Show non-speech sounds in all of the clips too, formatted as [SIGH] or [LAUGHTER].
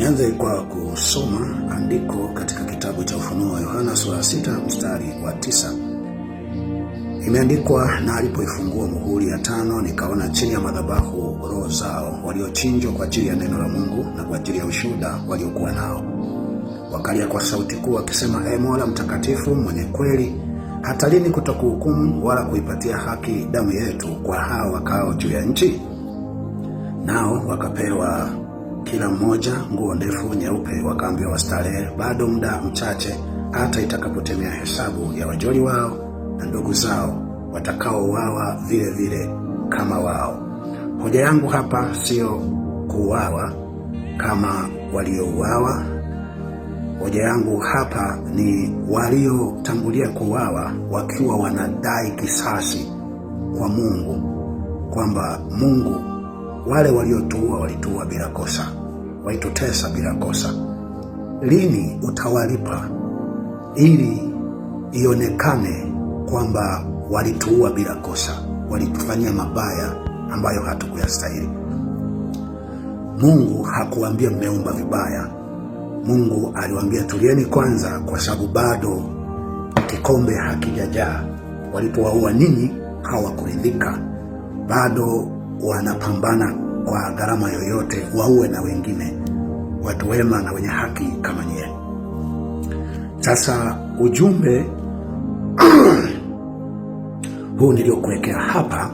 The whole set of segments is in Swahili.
Nianze kwa kusoma andiko katika kitabu cha Ufunuo wa Yohana sura sita mstari wa tisa. Imeandikwa, na alipoifungua muhuri ya tano, nikaona chini ya madhabahu roho zao waliochinjwa kwa ajili ya neno la Mungu na kwa ajili ya ushuhuda waliokuwa nao. Wakalia kwa sauti kuu wakisema, Ee Mola mtakatifu mwenye kweli, hata lini kutokuhukumu wala kuipatia haki damu yetu kwa hao wakao juu ya nchi? Nao wakapewa kila mmoja nguo ndefu nyeupe, wakaambia wastarehe bado muda mchache, hata itakapotemea hesabu ya wajoli wao na ndugu zao watakaouawa vile vile kama wao. Hoja yangu hapa sio kuuawa kama waliouawa. Hoja yangu hapa ni waliotangulia kuuawa wakiwa wanadai kisasi kwa Mungu, kwamba Mungu, wale waliotuua walituua bila kosa waitutesa bila kosa. Lini utawalipa ili ionekane kwamba walituua bila kosa, walitufanyia mabaya ambayo hatukuyastahili? Mungu hakuambia mmeumba vibaya. Mungu aliwaambia tulieni kwanza, kwa sababu bado kikombe hakijajaa. Walipowaua ninyi hawakuridhika, bado wanapambana kwa gharama yoyote waue na wengine watu wema na wenye haki kama nyie. Sasa ujumbe [CLEARS THROAT] huu niliokuwekea hapa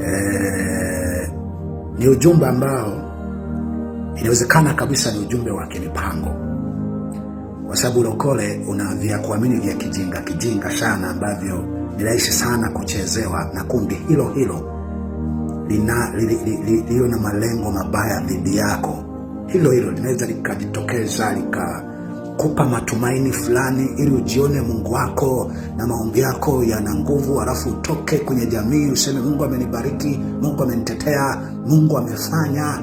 e, ni ujumbe ambao inawezekana kabisa ni ujumbe wa kimipango, kwa sababu lokole una vya kuamini vya kijinga kijinga sana ambavyo ni rahisi sana kuchezewa na kundi hilo hilo liyo na malengo mabaya dhidi yako, hilo hilo linaweza likajitokeza likakupa matumaini fulani, ili ujione Mungu wako na maombi yako yana nguvu, alafu utoke kwenye jamii useme Mungu amenibariki, Mungu amenitetea, Mungu amefanya,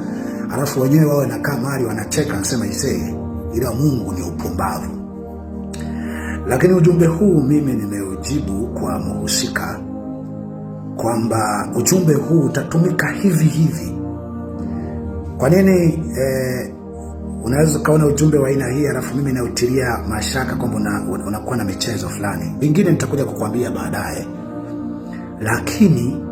halafu wenyewe wao nakaa mahali wanacheka, nasema isee, ila Mungu ni upumbavu. Lakini ujumbe huu mimi nimeujibu kwa mhusika kwamba ujumbe huu utatumika hivi hivi. Kwa nini eh, unaweza ukaona ujumbe wa aina hii alafu mimi nautilia mashaka kwamba unakuwa na michezo fulani? Vingine nitakuja kukwambia baadaye, lakini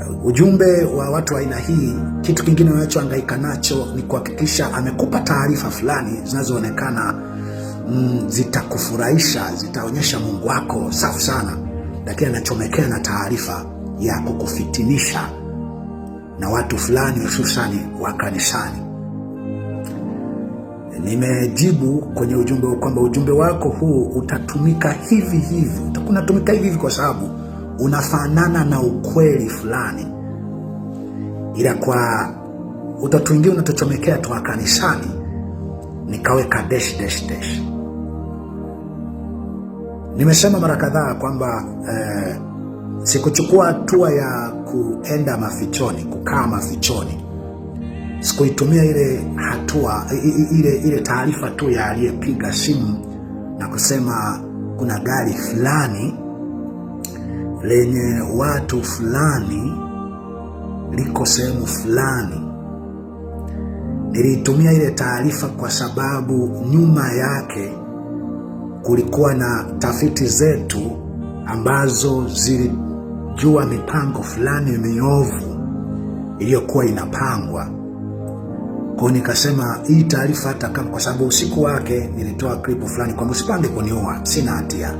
eh, ujumbe wa watu wa aina hii, kitu kingine unachohangaika nacho ni kuhakikisha amekupa taarifa fulani zinazoonekana mm, zitakufurahisha, zitaonyesha Mungu wako. Safi sana lakini anachomekea na taarifa ya kukufitinisha na watu fulani, hususani wa kanisani. Nimejibu kwenye ujumbe kwamba ujumbe wako huu utatumika hivi hivi, unatumika hivi hivi kwa sababu unafanana na ukweli fulani, ila kwa utatuingia unatochomekea tu wa kanisani, nikaweka dash dash dash Nimesema mara kadhaa kwamba eh, sikuchukua hatua ya kuenda mafichoni, kukaa mafichoni. Sikuitumia ile hatua ile, ile taarifa tu ya aliyepiga simu na kusema kuna gari fulani lenye watu fulani liko sehemu fulani. Niliitumia ile taarifa kwa sababu nyuma yake kulikuwa na tafiti zetu ambazo zilijua mipango fulani miovu iliyokuwa inapangwa kwao. Nikasema hii taarifa hata kama, kwa sababu usiku wake nilitoa klipu fulani kwamba usipange kuniua, sina hatia,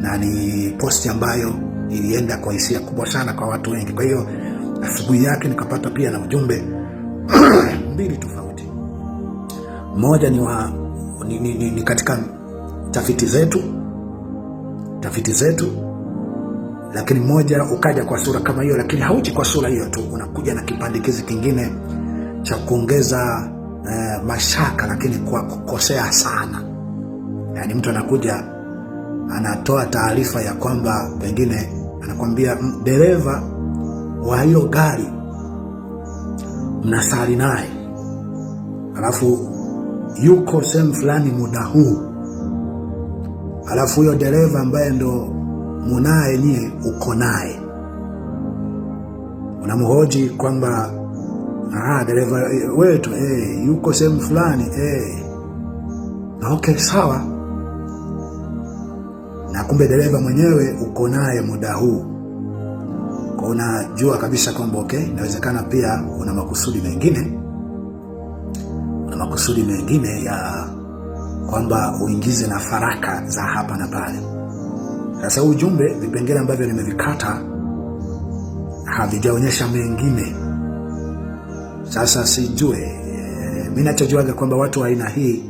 na ni posti ambayo ilienda kwa hisia kubwa sana kwa watu wengi. Kwa hiyo asubuhi yake nikapata pia na ujumbe [CLEARS THROAT] mbili tofauti, mmoja ni, wa, ni, ni, ni, ni katika tafiti zetu tafiti zetu, lakini moja ukaja kwa sura kama hiyo, lakini hauji kwa sura hiyo tu, unakuja na kipandikizi kingine cha kuongeza eh, mashaka, lakini kwa kukosea sana. Yaani mtu anakuja anatoa taarifa ya kwamba pengine anakwambia dereva wa hiyo gari mnasali naye, alafu yuko sehemu fulani muda huu Alafu huyo dereva ambaye ndo munaye nyie, uko naye unamhoji kwamba ah, dereva eh, wetu eh, yuko sehemu fulani eh. Na okay, sawa na kumbe dereva mwenyewe uko naye muda huu, kwa unajua kabisa kwamba okay, inawezekana pia una makusudi mengine, una makusudi mengine ya kwamba uingize na faraka za hapa na pale. Sasa huu ujumbe, vipengele ambavyo nimevikata havijaonyesha mengine. Sasa sijue eh, mi nachojuaga kwamba watu wa aina hii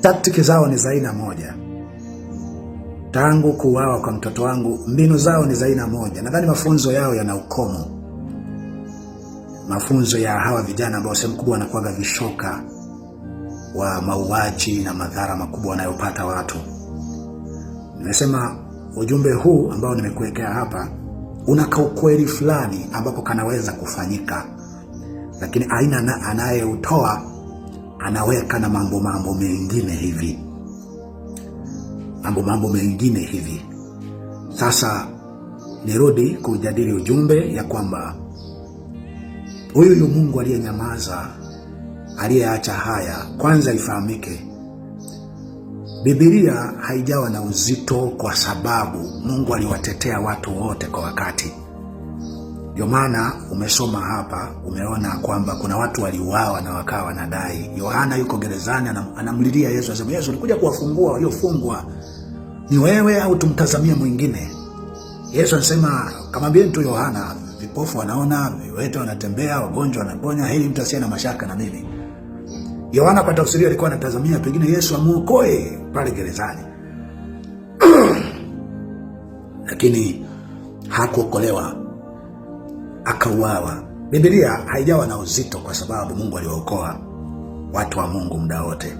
taktiki zao ni za aina moja. Tangu kuuawa kwa mtoto wangu, mbinu zao ni za aina moja. Nadhani mafunzo yao yana ukomo, mafunzo ya hawa vijana ambao sehemu kubwa wanakuwaga vishoka wa mauaji na madhara makubwa wanayopata watu. Nimesema ujumbe huu ambao nimekuwekea hapa una kaukweli fulani ambapo kanaweza kufanyika, lakini aina anayeutoa anaweka na mambo mambo mengine hivi, mambo mambo mengine hivi. Sasa nirudi kujadili ujumbe ya kwamba huyu Mungu aliyenyamaza aliyeacha haya, kwanza ifahamike, Biblia haijawa na uzito kwa sababu Mungu aliwatetea watu wote kwa wakati. Ndio maana umesoma hapa, umeona kwamba kuna watu waliuawa na wakawa wanadai. Yohana yuko gerezani, anamlilia Yesu, anasema Yesu, ulikuja kuwafungua waliofungwa, ni wewe au tumtazamie mwingine? Yesu anasema kamwambieni tu Yohana, vipofu wanaona, viwete wanatembea, wagonjwa wanaponya, hili mtu asiye na mashaka na mimi. Yohana kwa tafsiri alikuwa anatazamia pengine Yesu amuokoe pale gerezani [CLEARS THROAT] lakini hakuokolewa, akauawa. Biblia haijawa na uzito kwa sababu Mungu aliwaokoa watu wa Mungu muda wote.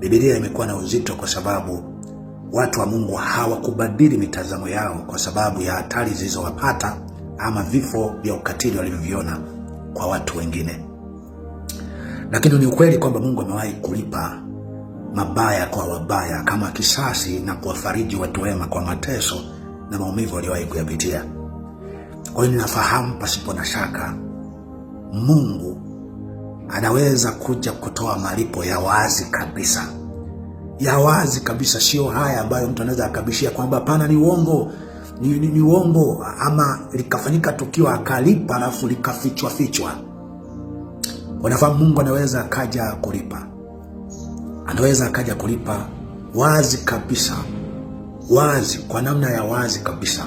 Biblia imekuwa na uzito kwa sababu watu wa Mungu hawakubadili mitazamo yao kwa sababu ya hatari zilizowapata ama vifo vya ukatili walivyoviona kwa watu wengine. Lakini ni ukweli kwamba Mungu amewahi kulipa mabaya kwa wabaya kama kisasi na kuwafariji watu wema kwa mateso na maumivu waliwahi kuyapitia. Kwa hiyo ninafahamu pasipo na shaka Mungu anaweza kuja kutoa malipo ya wazi kabisa, ya wazi kabisa, sio haya ambayo mtu anaweza akabishia kwamba hapana, ni uongo ni, ni, ni uongo ama likafanyika tukio akalipa alafu likafichwa fichwa. Unafahamu Mungu anaweza akaja kulipa, anaweza akaja kulipa wazi kabisa, wazi kwa namna ya wazi kabisa.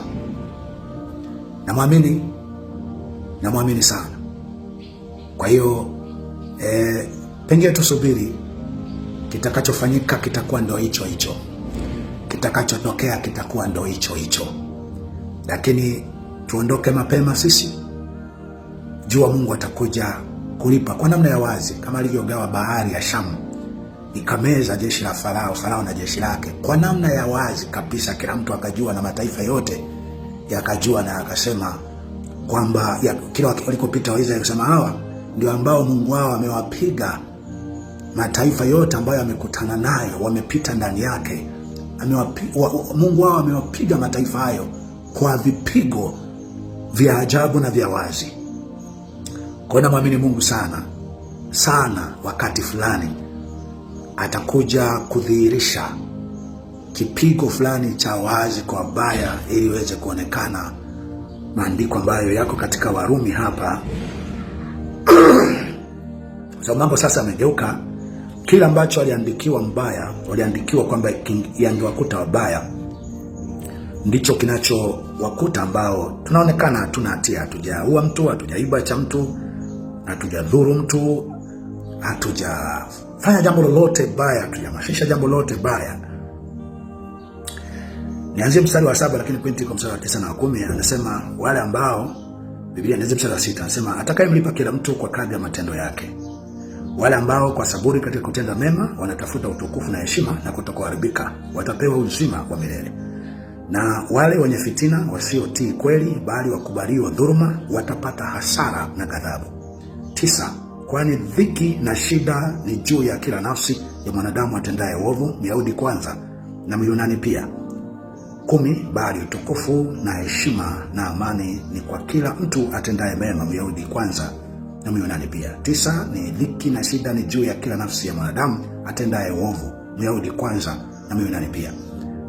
Namwamini, namwamini sana. Kwa hiyo e, pengine tusubiri kitakachofanyika, kitakuwa ndo hicho hicho, kitakachotokea kitakuwa ndo hicho hicho, lakini tuondoke mapema sisi, jua Mungu atakuja kulipa kwa namna ya wazi kama alivyogawa bahari ya Shamu ikameza jeshi la Farao, Farao na jeshi lake kwa namna ya wazi kabisa, kila mtu akajua na mataifa yote yakajua, na akasema kwamba ya, kila walikopita Waisraeli kusema hawa ndio ambao Mungu wao amewapiga mataifa yote ambayo amekutana nayo, wamepita ndani yake wa, Mungu wao amewapiga mataifa hayo kwa vipigo vya ajabu na vya wazi. Kwa hiyo namwamini Mungu sana sana, wakati fulani atakuja kudhihirisha kipigo fulani cha wazi kwa baya, ili iweze kuonekana. Maandiko ambayo yako katika Warumi hapa [CLEARS THROAT] so mambo sasa yamegeuka. Kila ambacho waliandikiwa mbaya, waliandikiwa kwamba yangewakuta wabaya, ndicho kinachowakuta ambao tunaonekana hatuna hatia, hatujaua mtu, hatujaiba cha mtu hatujadhuru mtu, hatujafanya jambo lolote baya, hatujamashisha jambo lolote baya. Nianzie mstari wa saba, lakini kwenti kwa mstari wa tisa na wa kumi. Anasema wale ambao, Biblia inaanzia mstari wa sita, anasema atakayemlipa kila mtu kwa kadri ya matendo yake, wale ambao kwa saburi katika kutenda mema wanatafuta utukufu na heshima na kutokuharibika watapewa uzima wa milele na wale wenye fitina wasiotii kweli, bali wakubaliwa dhuruma watapata hasara na ghadhabu tisa kwani dhiki na shida ni juu ya kila nafsi ya mwanadamu atendaye uovu, Myahudi kwanza na Myunani pia. kumi bali utukufu na heshima na amani ni kwa kila mtu atendaye mema, Myahudi kwanza na Myunani pia. tisa ni dhiki na shida ni juu ya kila nafsi ya mwanadamu atendaye uovu, Myahudi kwanza na Myunani pia,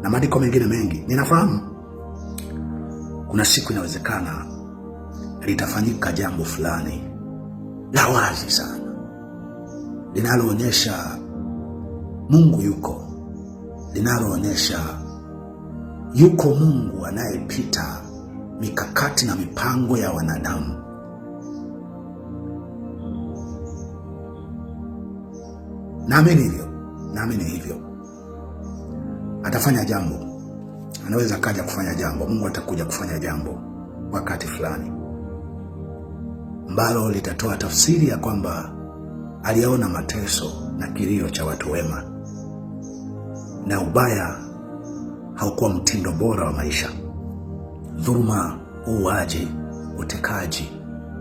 na maandiko mengine mengi. Ninafahamu kuna siku inawezekana litafanyika jambo fulani la wazi sana linaloonyesha Mungu yuko, linaloonyesha yuko Mungu anayepita mikakati na mipango ya wanadamu. Naamini hivyo, naamini hivyo. Atafanya jambo, anaweza kaja kufanya jambo, Mungu atakuja kufanya jambo wakati fulani ambalo litatoa tafsiri ya kwamba aliyaona mateso na kilio cha watu wema, na ubaya haukuwa mtindo bora wa maisha. Dhuluma, uuaji, utekaji,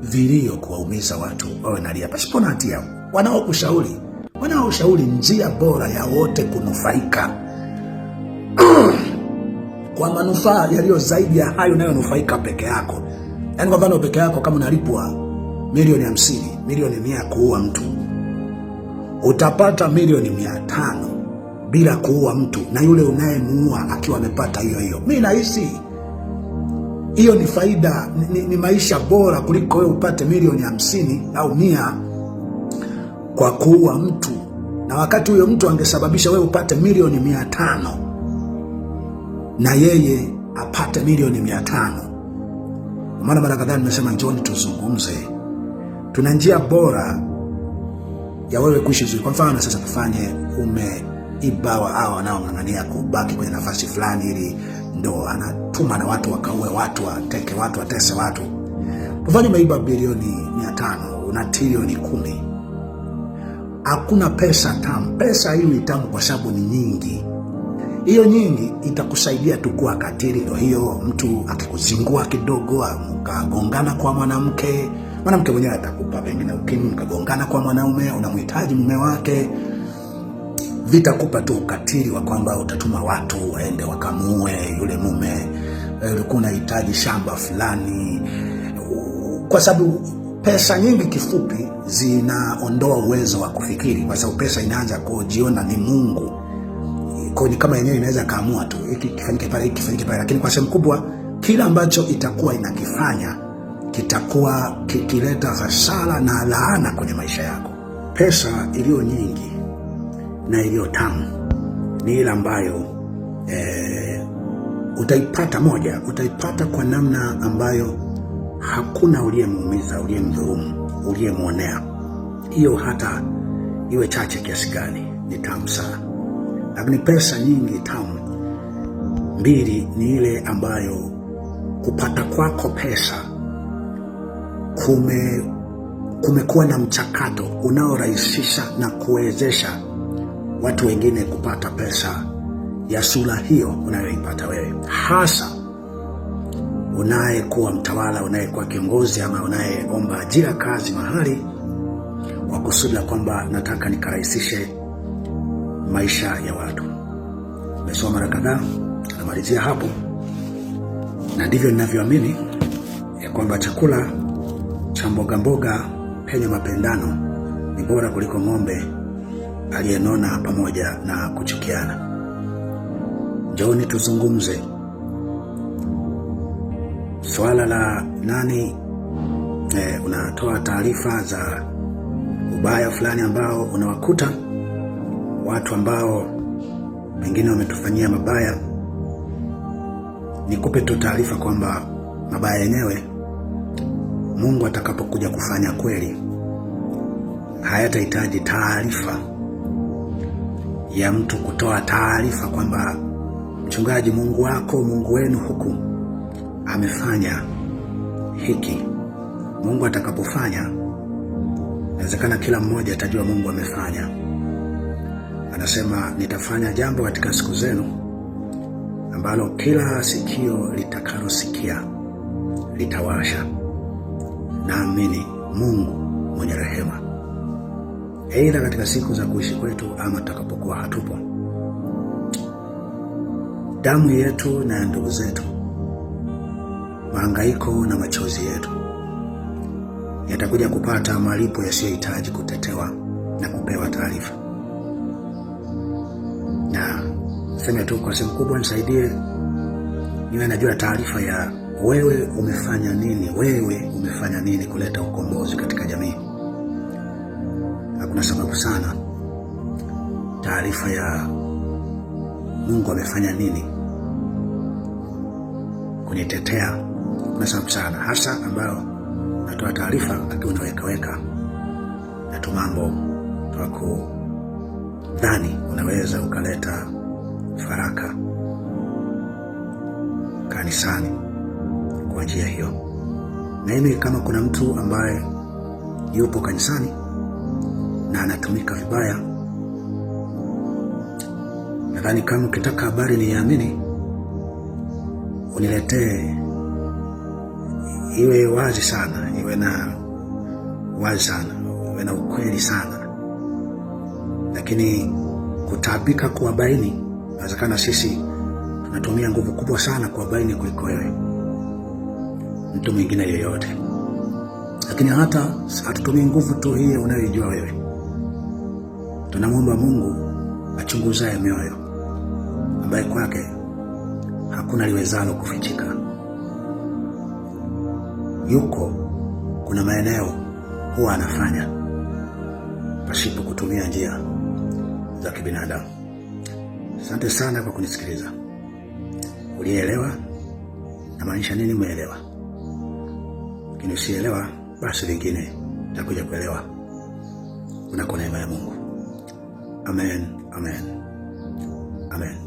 vilio, kuwaumiza watu wawe nalia pasipo na hatia, wanaokushauri wanaoshauri njia bora ya wote kunufaika [CLEARS THROAT] kwa manufaa yaliyo zaidi ya hayo unayonufaika peke yako, yaani kwa mfano peke yako kama unalipwa milioni hamsini, milioni mia kuua mtu, utapata milioni mia tano bila kuua mtu, na yule unayemuua akiwa amepata hiyo hiyo. Mi nahisi hiyo ni faida, ni, ni maisha bora kuliko wewe upate milioni hamsini au mia kwa kuua mtu, na wakati huyo mtu angesababisha wewe upate milioni mia tano na yeye apate milioni mia tano. Maana mara kadhaa nimesema, njoni tuzungumze Tuna njia bora ya wewe kuishi vizuri. Kwa mfano sasa, tufanye umeibawa hao wanaong'ang'ania kubaki kwenye nafasi fulani, ili ndo anatuma na watu wakaue watu, wateke watu, watese watu. Tufanye umeiba bilioni mia tano una trilioni kumi, hakuna pesa tamu. Pesa hiyo ni tamu kwa sababu ni nyingi hiyo nyingi itakusaidia tu kuwa katili. ndo hiyo mtu akikuzingua kidogo, akagongana kwa mwanamke Mwanamke mwenyewe atakupa pengine, ukimwi mkagongana kwa mwanaume, unamhitaji mume wake, vitakupa tu ukatili wa kwamba utatuma watu waende wakamue yule mume, eh, ulikuwa unahitaji shamba fulani, kwa sababu pesa nyingi kifupi zinaondoa uwezo wa kufikiri, kwa sababu pesa inaanza kujiona ni Mungu. Kwa ni kama yenyewe inaweza kaamua tu hiki kifanyike pale, hiki kifanyike pale, lakini kwa sehemu kubwa kila ambacho itakuwa inakifanya kitakuwa kikileta hasara na laana kwenye maisha yako. Pesa iliyo nyingi na iliyo tamu ni ile ambayo e, utaipata moja, utaipata kwa namna ambayo hakuna uliyemuumiza, uliyemdhulumu, uliyemwonea. Hiyo hata iwe chache kiasi gani, ni tamu sana. Lakini pesa nyingi tamu mbili ni ile ambayo kupata kwako pesa kume, kumekuwa na mchakato unaorahisisha na kuwezesha watu wengine kupata pesa ya sura hiyo unayoipata wewe, hasa unayekuwa mtawala, unayekuwa kiongozi, ama unayeomba ajira kazi mahali kwa kusudi la kwamba nataka nikarahisishe maisha ya watu. Nimesoma mara kadhaa, namalizia hapo, na ndivyo ninavyoamini ya kwamba chakula cha mboga penye mapendano ni bora kuliko ng'ombe aliyenona pamoja na kuchukiana. Njooni tuzungumze swala la nani, e, unatoa taarifa za ubaya fulani ambao unawakuta watu ambao pengine wametufanyia mabaya. Nikupe tu taarifa kwamba mabaya yenyewe Mungu atakapokuja kufanya kweli, hayatahitaji taarifa ya mtu kutoa taarifa kwamba mchungaji, Mungu wako, Mungu wenu huku amefanya hiki. Mungu atakapofanya, inawezekana kila mmoja atajua Mungu amefanya. Anasema, nitafanya jambo katika siku zenu ambalo kila sikio litakalosikia litawasha naamini Mungu mwenye rehema, aidha katika siku za kuishi kwetu ama tutakapokuwa hatupo. Damu yetu na ya ndugu zetu, mahangaiko na machozi yetu yatakuja kupata malipo yasiyohitaji kutetewa na kupewa taarifa. Na sema tu kwa sehemu kubwa, nisaidie niwe najua taarifa ya wewe umefanya nini? Wewe umefanya nini kuleta ukombozi katika jamii? Hakuna sababu sana taarifa ya Mungu amefanya nini kunitetea, kuna sababu sana hasa ambayo natoa taarifa akiwa nawekaweka na tu mambo twako dhani unaweza ukaleta faraka kanisani kwa njia hiyo. Na mimi kama kuna mtu ambaye yupo kanisani na anatumika vibaya, nadhani kama ukitaka habari niamini, uniletee, iwe wazi sana, iwe na wazi sana, iwe na ukweli sana, lakini kutaabika kuwabaini, nawezekana sisi tunatumia nguvu kubwa sana kuwabaini kuliko wewe mtu mwingine yoyote. Lakini hata hatutumii nguvu tu hii unayoijua wewe, tunamwomba Mungu achunguzaye mioyo, ambaye kwake hakuna liwezalo kufichika. Yuko kuna maeneo huwa anafanya pasipo kutumia njia za kibinadamu. Asante sana kwa kunisikiliza. Ulielewa? Namaanisha nini? Umeelewa? lakini usielewa, basi lingine takuja kuelewa unako neema ya Mungu. Amen, amen, amen.